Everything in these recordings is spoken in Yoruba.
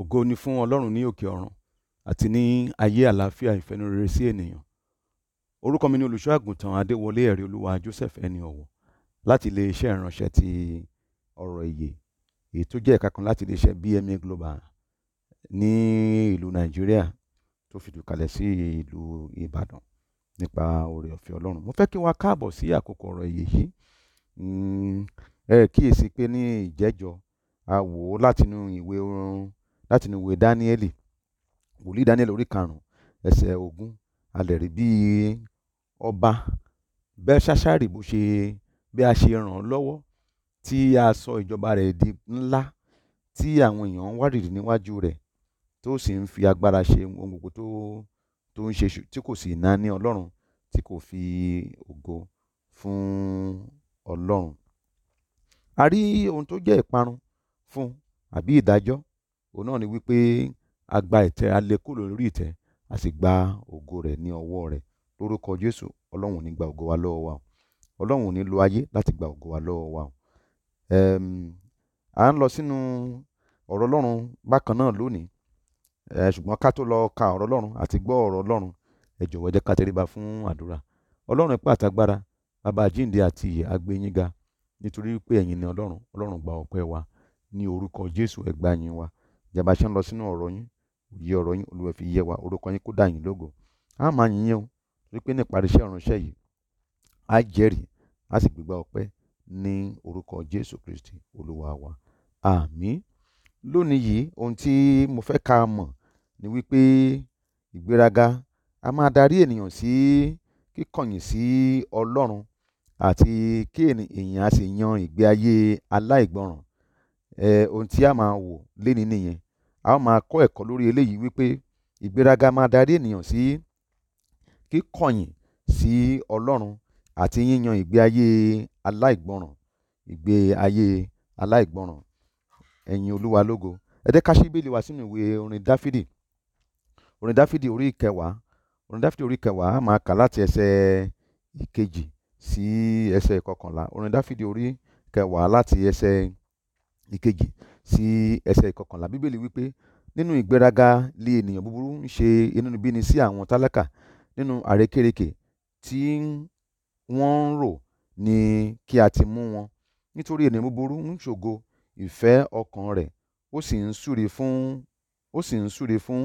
ògo ni fún ọlọ́run ní òkè ọ̀run àti ní ayé àlàáfíà ìfẹnurere sí ènìyàn orúkọ mi ni olùṣọ́ àgùntàn adéwọlé ẹ̀rí olúwa joseph ẹni ọ̀wọ̀ láti iléeṣẹ́ ìránṣẹ́ ti ọ̀rọ̀ ìyè èyí tó jẹ́ ẹ̀ka kan láti iléeṣẹ́ bma global ní ìlú nàìjíríà tó fìdí kalẹ̀ sí ìlú ìbàdàn nípa oore ọ̀fẹ́ ọlọ́run mo fẹ́ kí wa káàbọ̀ sí àkókò ọ̀rọ̀ ìyè yìí hmm, ẹ kíyèsí pé ní ìjẹ́jọ́ a wò ó látinú ìwé oorun láti inú ìwé dáníẹ́lì wòlíì dáníẹ́lì orí karùn-ún ẹsẹ̀ ogún a lè rí bí ọba belshazzar bó ṣe bí a ṣe ràn án lọ́wọ́ tí a sọ ìjọba rẹ̀ di ńlá tí àwọn èèyàn ń wárìrì níwájú rẹ̀ tó sì ń fi agbára ṣe ohun gbogbo tó tó ń ṣe tí kò sì náání ọlọ́run tí kò fi ògo fún ọlọ́run a rí ohun tó jẹ́ ìparun fún àbí ìdájọ́ òun náà ni wípé a gba ìtẹ́ a lè kúrò lórí ìtẹ́ a sì gba ògo rẹ̀ ní ọwọ́ rẹ̀ lórúkọ Jésù ọlọ́run ò ní gba ògo wa lọ́wọ́ wa o ní lo ayé láti gba ògo wa lọ́wọ́ wa à ń lọ sínú ọ̀rọ̀ ọlọ́run bákan náà lónìí ṣùgbọ́n ká tó lọ ka ọ̀rọ̀ ọlọ́run àti gbọ́ ọ̀rọ̀ ọlọ́run ẹ jọ̀wọ́ jẹ́ ká tẹríba fún àdúrà ọlọ́run ipá àtagbára bàbá àjíǹde àti ìyè nítorí pé ẹ̀yin ni ọlọ́run ọlọ́run gba ọpẹ́ wa ní orúkọ Jésù ẹgbàá yín wa ìjàmbá ṣe ń lọ sínú ọ̀rọ̀ yín òye ọ̀rọ̀ yín olúwa fi yé wa orúkọ yín kó dà yín lógo a máa yìn yín o torí pé nípa iṣẹ́ ìránṣẹ́ yìí á jẹ́rìí á sì gbégbá ọpẹ́ ní orúkọ jésù kristi olúwa wa àmín lónìí yìí ohun tí mo fẹ́ ká mọ̀ ni wípé ìgbéraga a máa darí ènìyàn sí kíkọ̀yìn sí ọlọ́run àti kí ènìyàn á sì yan ìgbé ayé aláìgbọràn ohun tí a máa wò léni nìyẹn a ó máa kọ́ ẹ̀kọ́ lórí eléyìí wípé ìgbéraga máa darí ènìyàn sí kíkọ̀yìn sí ọlọ́run àti yíyan ìgbé ayé aláìgbọràn ìgbé ayé aláìgbọràn ẹ̀yin olúwa lógo ẹ jẹ́ ká ṣí bíbélì wá sínú ìwé orin dáfídì orin dáfídì orí ìkẹwàá orin dáfídì orí ìkẹwàá a máa kà láti ẹsẹ̀ ìkejì sí ẹsẹ̀ ìkọkànlá orin dáfídì orí ìkẹwàá láti ẹsẹ̀ ìkọkànlá ìkejì sí ẹsẹ̀ ìkọkànlá bíbélì wípé nínú ìgbéraga li ènìyàn búburú ń ṣe inúnibíni sí àwọn tálákà nínú àrékérekè tí wọ́n ń rò ni kí a ti mú wọn nítorí ènìyàn búburú ń ṣògo ìfẹ́ ọkàn rẹ̀ ó sì ń súre fún ó sì ń súre fún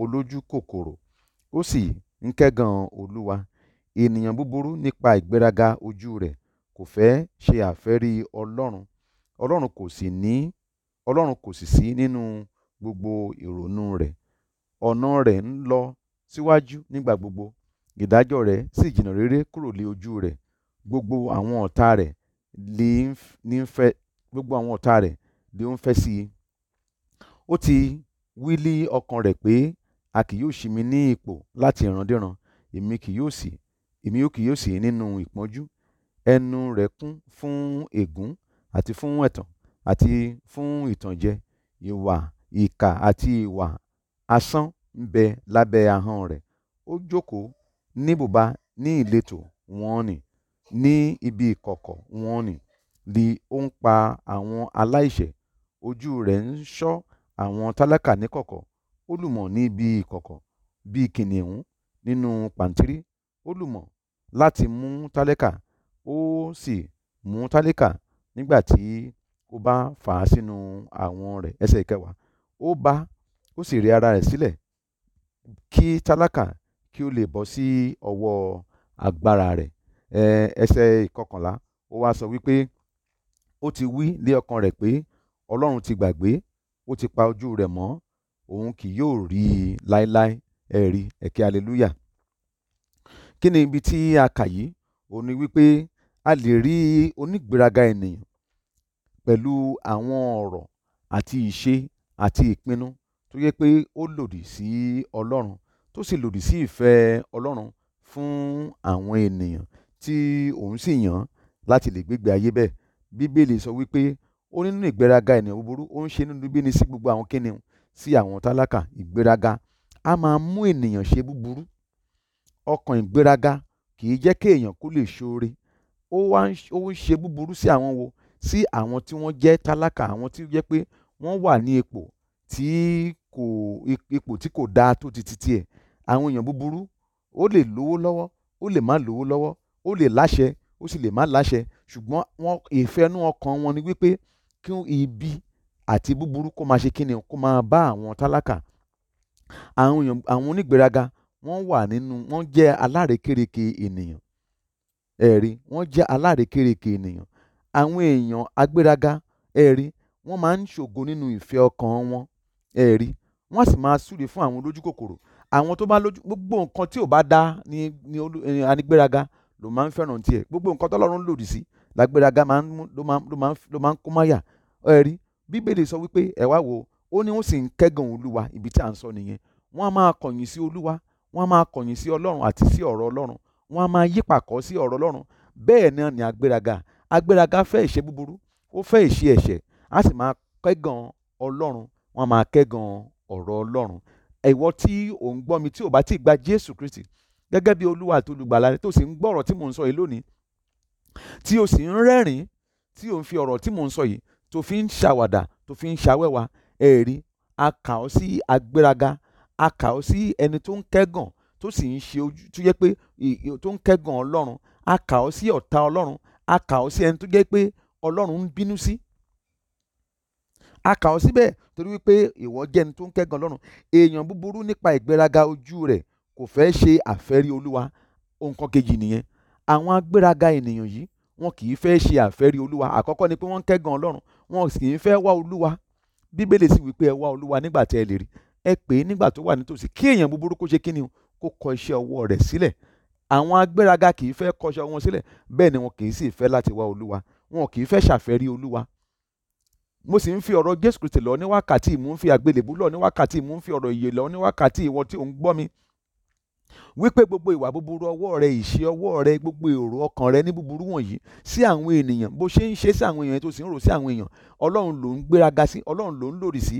olójú kòkòrò ó sì ń kẹ́gàn olúwa ènìyàn búburú nípa ìgbéraga ojú rẹ̀ kò fẹ́ ṣe àfẹ́rí ọlọ́run ọlọ́run kò sì ní ọlọ́run kò sì sí nínú gbogbo ìrònú rẹ̀ ọ̀nà rẹ̀ ń lọ síwájú nígbà gbogbo ìdájọ́ rẹ̀ sì jìnnà réré kúrò lé ojú rẹ̀ gbogbo àwọn ọ̀tá rẹ̀ lè ń fẹ́ gbogbo àwọn ọ̀tá rẹ̀ lè ń fẹ́ sí i ó ti wílí ọkàn rẹ̀ pé a kì yóò ṣí mi ní ipò láti ìrandíran èmi kì yóò sì èmi yóò kì yóò sì nínú ìpọ́njú ẹnu rẹ̀ kún fún ègún àti fún ẹ̀tàn àti fún ìtànjẹ ìwà ìkà àti ìwà asán ń bẹ lábẹ́ ahọ́n rẹ̀ ó jókòó ní bùbá ní ìletò wọ́n nì ní ibi ìkọ̀kọ̀ wọ́n nì li ó ń pa àwọn aláìṣẹ̀ ojú rẹ̀ ń ṣọ́ àwọn tálákà níkọ̀kọ̀ ó lùmọ̀ ní ibi ìkọ̀kọ̀ bíi kìnìún nínú pàǹtírí ó lùmọ̀ láti mú tálákà ó sì mú tálákà nígbà tí ó bá fà á sínú àwọn rẹ̀ ẹsẹ̀ ìkẹwàá ó bá ó sì rẹ ara rẹ̀ sílẹ̀ kí tálákà kí ó lè bọ́ sí ọwọ́ agbára rẹ̀ ẹsẹ̀ ìkọkànlá ó wá sọ wípé ó ti wí lé ọkàn rẹ̀ pé ọlọ́run ti gbàgbé ó ti pa ojú rẹ̀ mọ́ òun kì yóò rí i láéláé ẹ̀rí ẹ̀kẹ́ hallelujah kí ni ibi tí a kà yìí ó ní wípé a lè rí onígbéraga ènìyàn pẹ̀lú àwọn ọ̀rọ̀ àti ìṣe àti ìpinnu tó yẹ pé ó lòdì sí ọlọ́run tó sì lòdì sí ìfẹ́ ọlọ́run fún àwọn ènìyàn tí òun sì yàn láti lè gbégbé ayé bẹ́ẹ̀ bíbélì sọ wípé ó nínú ìgbéraga ènìyàn búburú ó ń ṣe nínú bíni sí gbogbo àwọn kíni sí àwọn tálákà ìgbéraga a máa mú ènìyàn ṣe búburú ọkàn ìgbéraga kì í jẹ́ kéèyàn kó lè ṣoore ó wá ń ṣe búburú sí àwọn wo sí àwọn tí wọ́n jẹ́ tálákà àwọn tí ó jẹ́ pé wọ́n wà ní ipò tí kò ipò tí kò dáa tó ti titi ẹ̀ àwọn èèyàn búburú ó lè lówó lọ́wọ́ ó lè má lówó lọ́wọ́ ó lè láṣẹ ó sì lè má láṣẹ ṣùgbọ́n wọn ìfẹ́nú ọkàn wọn ni wípé kí ibi àti búburú kó máa ṣe kíni kó máa bá àwọn tálákà àwọn èèyàn àwọn onígbéraga wọ́n wà nínú wọ́n jẹ́ alárékérekè ènìyàn ẹ̀rí wọ́n jẹ́ alárékérekè ènìyàn àwọn èèyàn agbéraga ẹ̀rí wọ́n máa ń ṣògo nínú ìfẹ́ ọkàn wọn ẹ̀rí wọ́n sì máa súre fún àwọn lójú kòkòrò àwọn tó bá lójú gbogbo nǹkan tí ò bá dá ni ni eh, anigbéraga ló máa ń fẹ́ràn tiẹ̀ gbogbo nǹkan tọ́lọ́run lòdì sí lágbéraga máa ń ló máa ló máa ló ń kó máyà ẹ̀rí bíbélì sọ wípé ẹ wá wo ó ní ó sì ń kẹ́gàn olúwa ibi tí à ń sọ nìyẹn wọ́n á máa kọ̀yìn sí olúwa wọ́n á máa kọ̀yìn sí ọlọ́run àti sí ọ̀rọ̀ ọlọ́run wọ́n á máa yípàkọ́ sí ọ̀rọ̀ ọlọ́run bẹ́ẹ̀ náà ni agbéraga agbéraga fẹ́ ìṣe búburú ó fẹ́ ìṣe ẹ̀ṣẹ̀ á sì máa kẹ́gàn ọlọ́run wọ́n máa kẹ́gàn ọ̀rọ̀ ọlọ́run ẹ̀wọ́ tí ò ń gbọ́ mi tí ò bá ti gba jésù kristi gẹ́gẹ́ bí olúwa àti olùgbàlà rẹ tó sì ń gbọ́ ọ̀rọ̀ tí mò ń sọ yìí lónìí tí o sì ń rẹ́rìn tí o ń fi ọ̀rọ̀ tí mò ń sọ yìí tó fi ń ṣàwàdà tó fi ń ṣàwẹ́wà ẹ̀rí a kà ọ́ sí agbéraga a kà ọ́ sí ẹni tó ń kẹ́gàn tó sì ń ṣe ojú tó yẹ pé tó ń kẹ́gàn ọlọ́run a kà ọ́ sí ọ̀tá ọlọ́run a kà ọ́ sí ẹni tó jẹ́ pé ọlọ́run ń bínú sí a kà ọ́ síbẹ̀ torí wípé ìwọ jẹ́ ẹni tó ń kẹ́gàn ọlọ́run èèyàn búburú nípa ìgbéraga ojú rẹ̀ kò fẹ́ ṣe àfẹ́rí olúwa nǹkan kejì nìyẹn àwọn agbéraga ènìyàn yìí wọn kì í fẹ́ ṣe àfẹ́rí olúwa àkọ́kọ́ ni pé wọ́n ń kẹ́gàn ọlọ́run wọn kì í fẹ́ wá olúwa bíbélì sì wípé ẹ wá olúwa nígbà tẹ́ ẹ lè rí ẹ pè é nígbà tó wà nítòsí kí èèyàn búburú kó ṣe kíni kó kọ iṣẹ́ ọwọ́ rẹ̀ sílẹ̀ àwọn agbéraga kì í fẹ́ kọṣọ wọn sílẹ̀ bẹ́ẹ̀ ni wọn kì í sì fẹ́ láti wá olúwa wọn kì í fẹ́ ṣàfẹ́rí olúwa mo sì ń fi ọ̀rọ̀ jésù kristi lọ ní wákàtí mò ń fi àgbélébú lọ ní wákàtí mò ń fi ọ̀rọ̀ ìyè lọ ní wákàtí ìwọ tí ò ń gbọ́ mi wípé gbogbo ìwà búburú ọwọ́ rẹ ìṣe ọwọ́ rẹ gbogbo èrò ọkàn rẹ ní búburú wọ̀nyí sí àwọn ènìyàn bó ṣe ń ṣe sí àwọn èèyàn tó sì ń rò sí àwọn èèyàn ọlọ́run ló ń gbéraga sí ọlọ́run ló ń lòdì sí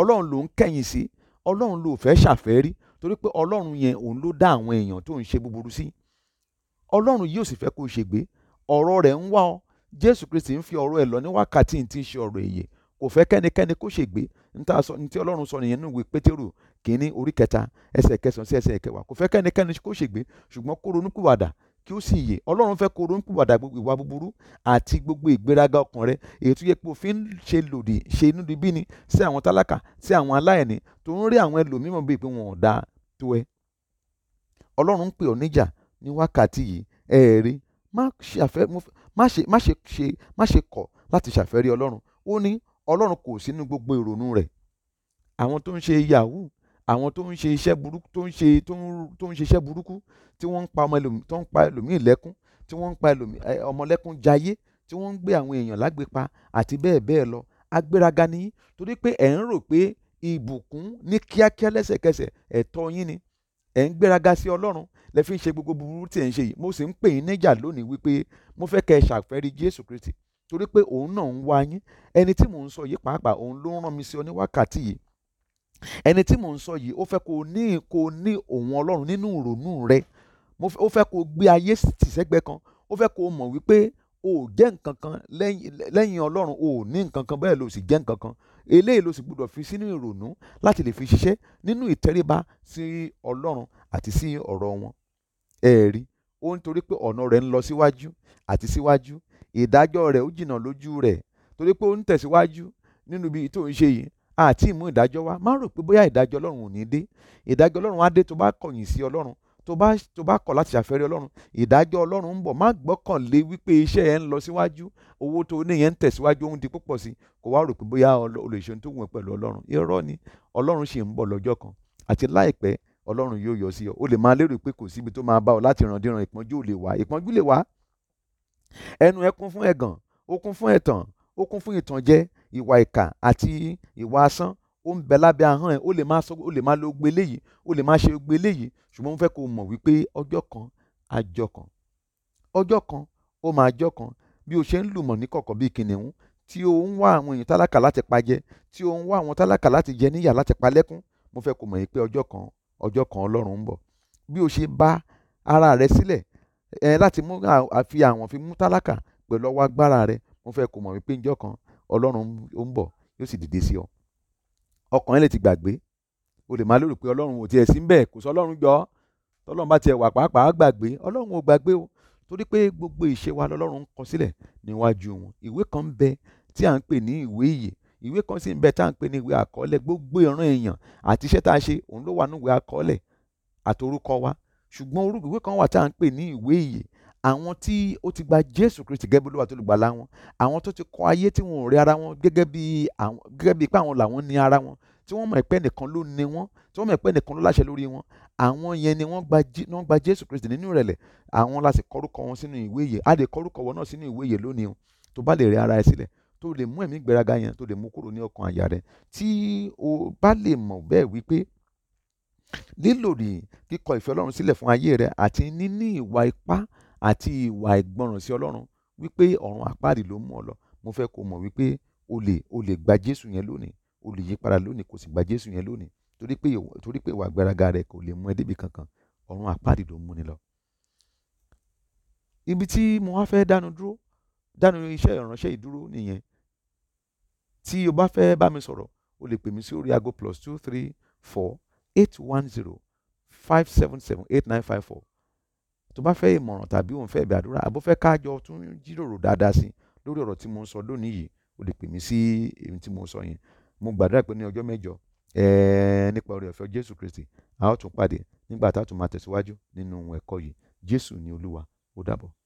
ọlọ́run ló ń kẹ̀yìn sí ọlọ́run ló fẹ́ ṣàfẹ́rí torí pé ọlọ́run yẹn òun ló dá àwọn èèyàn tó ń ṣe búburú sí ọlọ́run yóò sì fẹ́ kó o ṣègbé ọ̀rọ̀ rẹ̀ ń wá ọ jésù kristi ń fi ọ̀rọ̀ ẹ̀ lọ ní wákàtí tí ń ṣe ọ̀rọ̀ èyè kò fẹ́ kẹ́nikẹ́ni kó ṣègbé ntí ọlọ́run sọ nìyẹn nínú ìwé pétérù kìíní orí kẹta ẹsẹ̀ kẹsàn-án sí ẹsẹ̀ kẹwàá kò fẹ́ kẹ́nikẹ́ni kó ṣègbé ṣùgbọ́n kó ronúpìwàdà kí ó sì yè ọlọ́run fẹ́ kó ronúpìwàdà ìwà búburú àti gbogbo ìgbéraga ọkàn rẹ èyí tó yẹ pé òfin ṣe lòdì ṣe inúdibíni sí àwọn tálákà sí àwọn aláìní tó ń rí àwọn ẹlòmíràn bíi pé wọn ò dáa tó ẹ ọlọ́run ń pè ọ́ níjà ní wákàtí yìí ẹ ẹ rí má ṣe àfẹ́ má ṣe má ṣe ṣe má ṣe kọ̀ láti ṣàfẹ́rí ọlọ́run ó ní ọlọ́run kò sínú gbogbo ìrònú rẹ̀ àwọn tó ń ṣe yahoo àwọn tó ń ṣe iṣẹ́ burúkú tó ń ṣe tó ń ṣe iṣẹ́ burúkú tí wọ́n ń pa ọmọ ẹlòmíì tó ń pa ẹlòmíì lẹ́kún tí wọ́n ń pa ọmọ lẹ́kún jayé tí wọ́n ń gbé àwọn èèyàn lágbèpa àti bẹ́ẹ̀ bẹ́ẹ̀ lọ agbéraga nìyí torí pé ẹ̀ ń rò pé ìbùkún ní kíákíá lẹ́sẹ̀kẹsẹ̀ ẹ̀tọ́ yín ni ẹ̀ ń gbéraga sí ọlọ́run lẹ fi ń ṣe gbogbo búburú tí ẹ̀ ń ṣe yìí mo sì ń pè yín níjà lónìí wípé mo fẹ́ kẹ́ ẹ ṣàfẹ́rí jésù kristi torí pé òun náà ń wá yín ẹni tí mò ń sọ yìí pàápàá òun ló ń rán mi sí ọ ní wákàtí yìí ẹni tí mò ń sọ yìí ó fẹ́ kó o ní kó o ní òun ọlọ́run nínú ìrònú rẹ ó fẹ́ kó o gbé ayé tì sẹ́gbẹ́ kan ó fẹ́ kó o mọ̀ wípé o ò jẹ́ nǹkan kan lẹ́yìn ọlọ́run o ò ní nǹkan kan bẹ́ẹ̀ ló sì jẹ́ nǹkan kan eléyìí ló sì gbọdọ̀ fi sínú ìrònú láti lè fi ṣiṣẹ́ nínú ìtẹríba sí ọlọ́run àti sí ọ̀rọ̀ wọn ẹ̀rí ó ń torí pé ọ̀nà rẹ̀ ń lọ síwájú àti síwájú ìdájọ́ rẹ̀ ó jìnnà lójú rẹ̀ torí pé ó ń tẹ̀síwájú nínú ibi tó ń ṣe yìí àti ìmú ìdájọ́ wa má rò pé bóyá ìdájọ́ ọlọ́run ò ní dé ìdájọ́ ọlọ́run á dé tó bá kọ̀yìn sí ọlọ́run tó bá tó bá kọ̀ láti ṣàfẹ́rẹ́ ọlọ́run ìdájọ́ ọlọ́run ń bọ̀ má gbọ́kànlé wípé iṣẹ́ yẹn ń lọ síwájú owó tó ní yẹn ń tẹ̀síwájú ó ń di púpọ̀ sí kó wá rò pé bóyá olùṣèlú tó wùn pẹ̀lú ọlọ́run irọ́ ni ọlọ́run ṣì ń bọ̀ lọ́jọ́ kan àti láìpẹ́ ọlọ́run yóò yọ sí ọ o lè máa lérò pé kò síbi tó máa bá ọ láti ràn díran ìpọ́njú lè wá ìpọ́njú lè wá ẹnu ẹ fún ẹ̀gàn ó fún ẹ̀tàn ó fún ìtànjẹ ìwà ìkà àti ìwà asán ó ń bẹ lábẹ́ ahọ́n ẹ̀ ó lè máa sọ ó lè máa lo gbé léyìí ó lè máa ṣe gbé léyìí ṣùgbọ́n mo fẹ́ kó mọ̀ wípé ọjọ́ kan á jọ kan ọjọ́ kan ó máa jọ kan bí o ṣe ń lùmọ̀ ní kọ̀kọ̀ bíi kìnìún tí o ń wá àwọn èèyàn tálákà láti pa jẹ tí o ń wá àwọn tálákà láti jẹ níyà láti pa lẹ́kún mo fẹ́ kó mọ̀ yìí pé ọjọ́ kan ọjọ́ kan ọlọ́run ń bọ̀ bí o ṣe bá ara rẹ sílẹ̀ ẹ láti mú àfi àwọn fi mú tálákà pẹ̀lú ọwọ́ agbára rẹ mo fẹ́ kó mọ̀ wípé ọjọ́ kan ọlọ́run ń bọ̀ yóò sì dìde sí ọ ọkàn yẹn lè ti gbàgbé o lè máa lérò pé ọlọ́run ò tiẹ̀ sí ń bẹ̀ kò sọ ọlọ́run jọ tọ́lọ́run bá tiẹ̀ wà pàápàá gbàgbé ọlọ́run ò gbàgbé o torí pé gbogbo ìṣe wa lọ́lọ́run ń kọ sílẹ̀ níwájú wọn ìwé kan ń bẹ tí à ń pè ní ìwé ìyè ìwé kan sì ń bẹ tá à ń pè ní ìwé àkọọ́lẹ̀ gbogbo ìran èèyàn àti iṣẹ́ tá a ṣe òun ló wà ní ìwé àkọọ́lẹ̀ àtorúkọ wa ṣùgbọ́n orúkọ ìwé kan wà tá à ń pè ní ìwé ìyè àwọn tí ó ti gba jésù kristi gẹ́gẹ́ bí olúwa tó lùgbàlà wọn àwọn tó ti kọ̀ ayé tí wọn ò rí ara wọn gẹ́gẹ́ bí àwọn gẹ́gẹ́ bí ipá àwọn làwọn ní ara wọn tí wọ́n mọ̀ pé nìkan ló ní wọn tí wọ́n mọ̀ pé nìkan ló láṣẹ lórí wọn àwọn yẹn ni wọ́n gba jésù kristi nínú ìrẹ̀lẹ̀ àwọn la sì kọrúkọ wọn sínú ìwé yìí a lè kọrúkọ wọn náà sínú ìwé yìí lónìí o tó bá lè rẹ ara ẹ sílẹ̀ tó lè mú ẹ̀mí gbéraga yẹn tó lè mú kúrò ní ọkàn àyà rẹ tí o bá lè mọ̀ bẹ́ẹ̀ wípé lílòdì kíkọ̀ ìfẹ́ ọlọ́run sílẹ̀ fún ayé rẹ àti níní ìwà ipá àti ìwà ìgbọràn sí ọlọ́run wípé ọ̀run àpáàdì ló mú ọ lọ mo fẹ́ kó mọ̀ wípé o lè o lè gba jésù yẹn lónìí o lè yí padà lónìí kò sì gba jésù yẹn lónìí torí pé torí pé ìwà àgbàràga rẹ kò lè mú ẹ débi kankan ọ̀run àpáàdì ló mú ni lọ. ibi tí mo wá fẹ́ dánu dúró dánu iṣẹ́ ìránṣẹ́ ìdúró nìyẹn tí o bá fẹ́ bá mi sọ̀rọ̀ o lè pè mí sí orí aago plus two three four eight one zero five seven seven eight nine five four tó bá fẹ́ ìmọ̀ràn tàbí òun fẹ́ ìbẹ̀ àdúrà àbó fẹ́ kájọ tún jíròrò dáadáa sí lórí ọ̀rọ̀ tí mo ń sọ lónìí yìí o lè pè mí sí èyí tí mo sọ yẹn mo gbàdúrà pé ní ọjọ́ mẹ́jọ nípa oore ọ̀fẹ́ Jésù Kristi a ó tún pàdé nígbà tá a tún máa tẹ̀síwájú nínú ẹ̀kọ́ yìí Jésù ni Olúwa ó dàbọ̀.